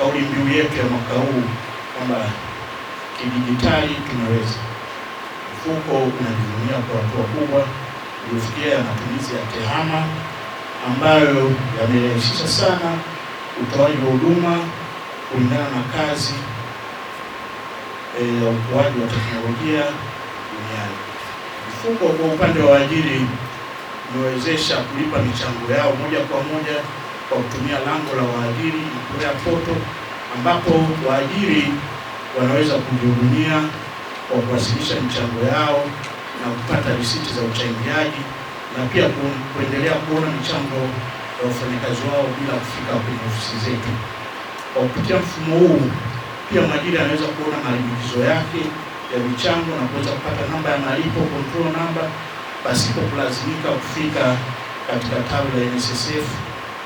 kauli mbiu yetu ya mwaka huu kwamba kidijitali tunaweza. Mfuko unajivunia kwa hatua kubwa uliofikia ya matumizi ya TEHAMA ambayo yamerahisisha sana utoaji wa huduma kulingana na kazi eh, ya e, ukuaji wa teknolojia duniani. Mfuko kwa upande wa waajiri umewezesha kulipa michango yao moja kwa moja kwa kutumia lango la waajiri Mbeya Portal, ambapo waajiri wanaweza kujihudumia kwa kuwasilisha michango yao na kupata risiti za uchangiaji na pia kuendelea kuona michango ya wafanyakazi wao bila kufika kwenye ofisi zetu. Kwa kupitia mfumo huu, pia mwajiri anaweza kuona malimbikizo yake ya michango na kuweza kupata namba ya malipo control number, pasipo kulazimika kufika katika tawi la NSSF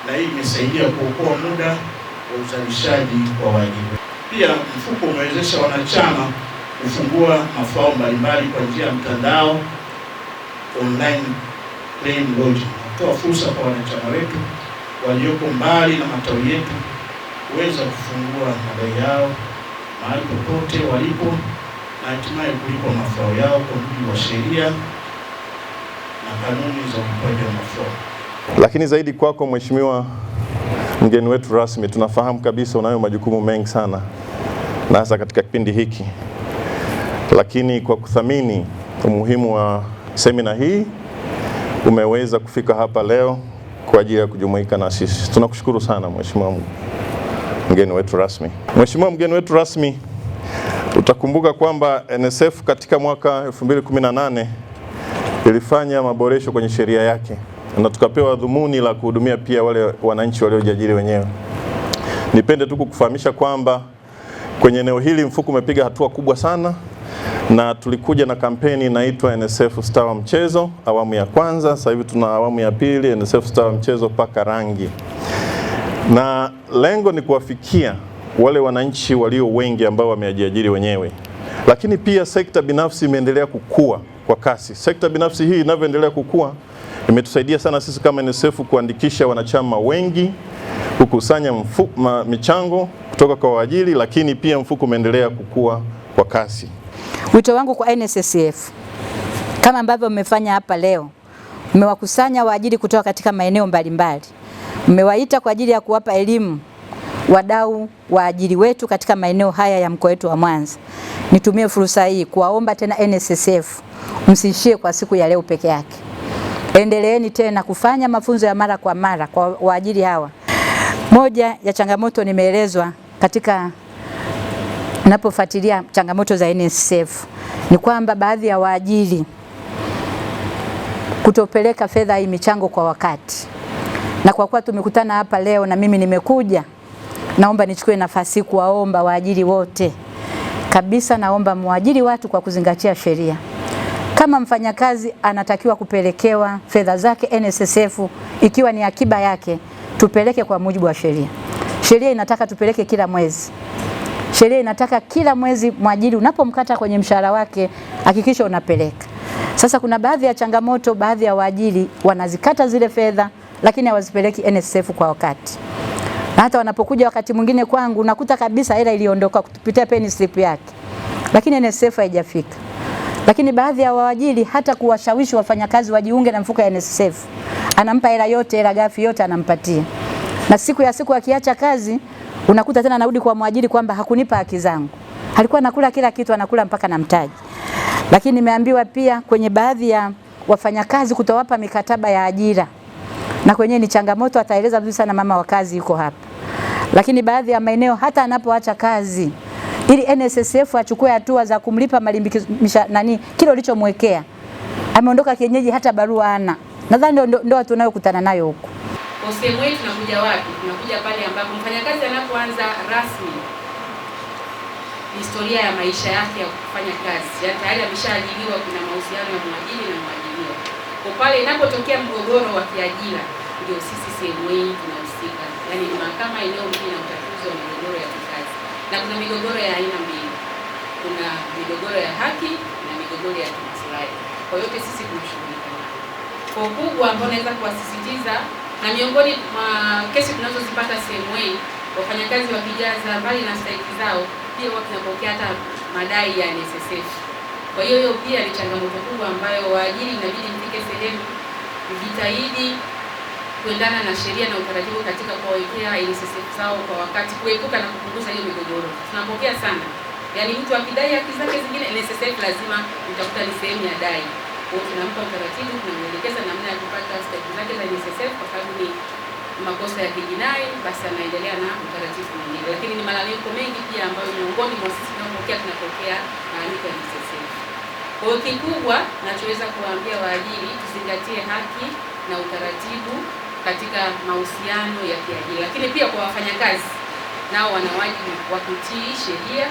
na hii imesaidia kuokoa muda wa uzalishaji wa wajibu. Pia mfuko umewezesha wanachama kufungua mafao mbalimbali kwa njia ya mtandao online plain lodging, kutoa fursa kwa wanachama wetu walioko mbali na matawi yetu kuweza kufungua madai yao mahali popote walipo na hatimaye kulipwa mafao yao kwa mujibu wa sheria na kanuni za ulipaji wa mafao. Lakini zaidi kwako mheshimiwa mgeni wetu rasmi, tunafahamu kabisa unayo majukumu mengi sana na hasa katika kipindi hiki, lakini kwa kuthamini umuhimu wa semina hii umeweza kufika hapa leo kwa ajili ya kujumuika na sisi. Tunakushukuru sana mheshimiwa mgeni wetu rasmi. Mheshimiwa mgeni wetu rasmi, utakumbuka kwamba nsf katika mwaka 2018 ilifanya maboresho kwenye sheria yake na tukapewa dhumuni la kuhudumia pia wale wananchi waliojiajiri wenyewe. Nipende tu kukufahamisha kwamba kwenye eneo hili mfuko umepiga hatua kubwa sana, na tulikuja na kampeni inaitwa NSSF Stawa Mchezo awamu ya kwanza. Sasa hivi tuna awamu ya pili, NSSF Stawa Mchezo paka rangi, na lengo ni kuwafikia wale wananchi walio wengi ambao wamejiajiri wenyewe, lakini pia sekta binafsi imeendelea kukua kwa kasi. Sekta binafsi hii inavyoendelea kukua Imetusaidia sana sisi kama NSSF kuandikisha wanachama wengi, kukusanya michango kutoka kwa waajiri, lakini pia mfuko umeendelea kukua kwa kasi. Wito wangu kwa NSSF kama ambavyo mmefanya hapa leo, mmewakusanya waajiri kutoka katika maeneo mbalimbali, mmewaita kwa ajili ya kuwapa elimu wadau waajiri wetu katika maeneo haya ya mkoa wetu wa Mwanza. Nitumie fursa hii kuwaomba tena NSSF msiishie kwa siku ya leo peke yake. Endeleeni tena kufanya mafunzo ya mara kwa mara kwa waajiri hawa. Moja ya changamoto nimeelezwa katika napofuatilia changamoto za NSSF ni kwamba baadhi ya waajiri kutopeleka fedha hii michango kwa wakati, na kwa kuwa tumekutana hapa leo na mimi nimekuja, naomba nichukue nafasi kuwaomba waajiri wote kabisa, naomba mwajiri watu kwa kuzingatia sheria kama mfanyakazi anatakiwa kupelekewa fedha zake NSSF ikiwa ni akiba yake, tupeleke kwa mujibu wa sheria. Sheria inataka tupeleke kila mwezi. Sheria inataka kila mwezi mwajiri unapomkata kwenye mshahara wake hakikisha unapeleka. Sasa kuna baadhi ya changamoto, baadhi ya waajiri wanazikata zile fedha lakini hawazipeleki NSSF kwa wakati. Na hata wanapokuja wakati mwingine kwangu nakuta kabisa hela iliondoka kupitia peni slip yake. Lakini NSSF haijafika. Lakini baadhi ya waajiri hata kuwashawishi wafanyakazi wajiunge na mfuko ya NSSF, anampa hela yote, hela gafi yote anampatia, na siku ya siku akiacha kazi unakuta tena anarudi kwa mwajiri kwamba hakunipa haki zangu, alikuwa anakula kila kitu, anakula mpaka na mtaji. Lakini nimeambiwa pia kwenye baadhi ya wafanyakazi kutowapa mikataba ya ajira, na kwenye ni changamoto, ataeleza vizuri sana mama wa kazi yuko hapa. Lakini baadhi ya maeneo hata anapoacha kazi ili NSSF achukue hatua za kumlipa malimbikisha nani kile ulichomwekea. Ameondoka kienyeji, hata barua ana. Nadhani ndio watu tunayokutana nayo huko. Osemwe tunakuja wapi? Tunakuja pale ambapo mfanyakazi anapoanza rasmi historia ya maisha yake ya kufanya kazi, yaani tayari ameshaajiriwa, kuna mahusiano ya mwajiri na mwajiriwa. Kwa pale inapotokea mgogoro wa kiajira, ndio sisi sehemu hii tunahusika, yaani mahakama eneo hili na utatuzi wa migogoro ya kikazi na kuna migogoro ya aina mbili, kuna migogoro ya haki na migogoro ya kimaslahi. Kwa yote sisi tunashughulika kwa kubwa, ambao naweza kuwasisitiza na miongoni mwa kesi tunazozipata sehemu hii, wafanyakazi wakijaza mbali na stahiki zao, pia huwa tunapokea hata madai ya NSSF. Kwa hiyo hiyo pia ni changamoto kubwa ambayo waajiri inabidi mfike sehemu, mjitahidi kuendana na sheria na utaratibu katika kuwawekea NSSF zao kwa wakati, kuepuka na kupunguza hiyo migogoro. Tunapokea sana, yaani mtu akidai haki zake zingine NSSF lazima utakuta ni sehemu ya dai. Kwa hiyo tunampa utaratibu, tunamwelekeza namna ya kupata stahiki zake za NSSF kwa sababu ni makosa ya kijinai, basi anaendelea na utaratibu mwingine. Lakini ni malalamiko mengi pia ambayo miongoni mwa sisi tunapokea, tunapokea malalamiko ya NSSF. Kwa hiyo kikubwa nachoweza kuwaambia waajiri, tuzingatie haki na utaratibu katika mahusiano ya kiajili lakini pia kwa wafanyakazi nao wana wajibu wa kutii sheria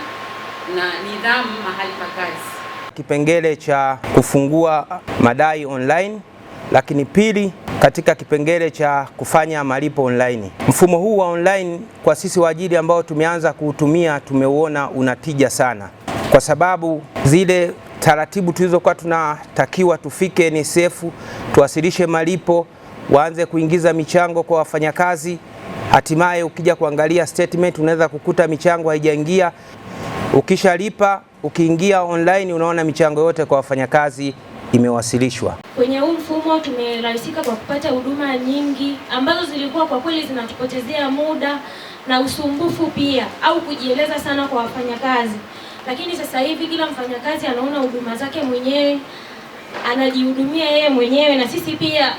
na nidhamu mahali pa kazi. Kipengele cha kufungua madai online, lakini pili katika kipengele cha kufanya malipo online. Mfumo huu wa online kwa sisi waajiri ambao tumeanza kuutumia tumeuona unatija sana, kwa sababu zile taratibu tulizokuwa tunatakiwa tufike NSSF tuwasilishe malipo waanze kuingiza michango kwa wafanyakazi. Hatimaye ukija kuangalia statement unaweza kukuta michango haijaingia. Ukishalipa, ukiingia online unaona michango yote kwa wafanyakazi imewasilishwa. Kwenye huu mfumo tumerahisika kwa kupata huduma nyingi ambazo zilikuwa kwa kweli zinatupotezea muda na usumbufu pia, au kujieleza sana kwa wafanyakazi. Lakini sasa hivi kila mfanyakazi anaona huduma zake mwenyewe, anajihudumia yeye mwenyewe na sisi pia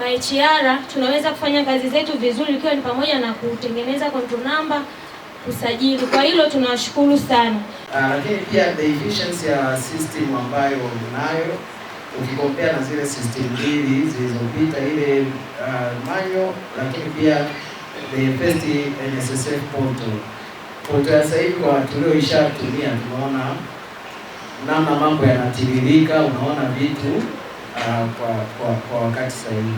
maHR tunaweza kufanya kazi zetu vizuri, ikiwa ni pamoja na kutengeneza control number, usajili. Kwa hilo tunawashukuru sana. Uh, lakini pia the efficiency ya system ambayo unayo ukikompea na zile system mbili zilizopita, ile uh, ah, manyo, lakini pia the first NSSF portal portal ya sasa hivi kwa tulioishatumia, tunaona namna mambo yanatiririka, unaona vitu 啊，过过过，该注意。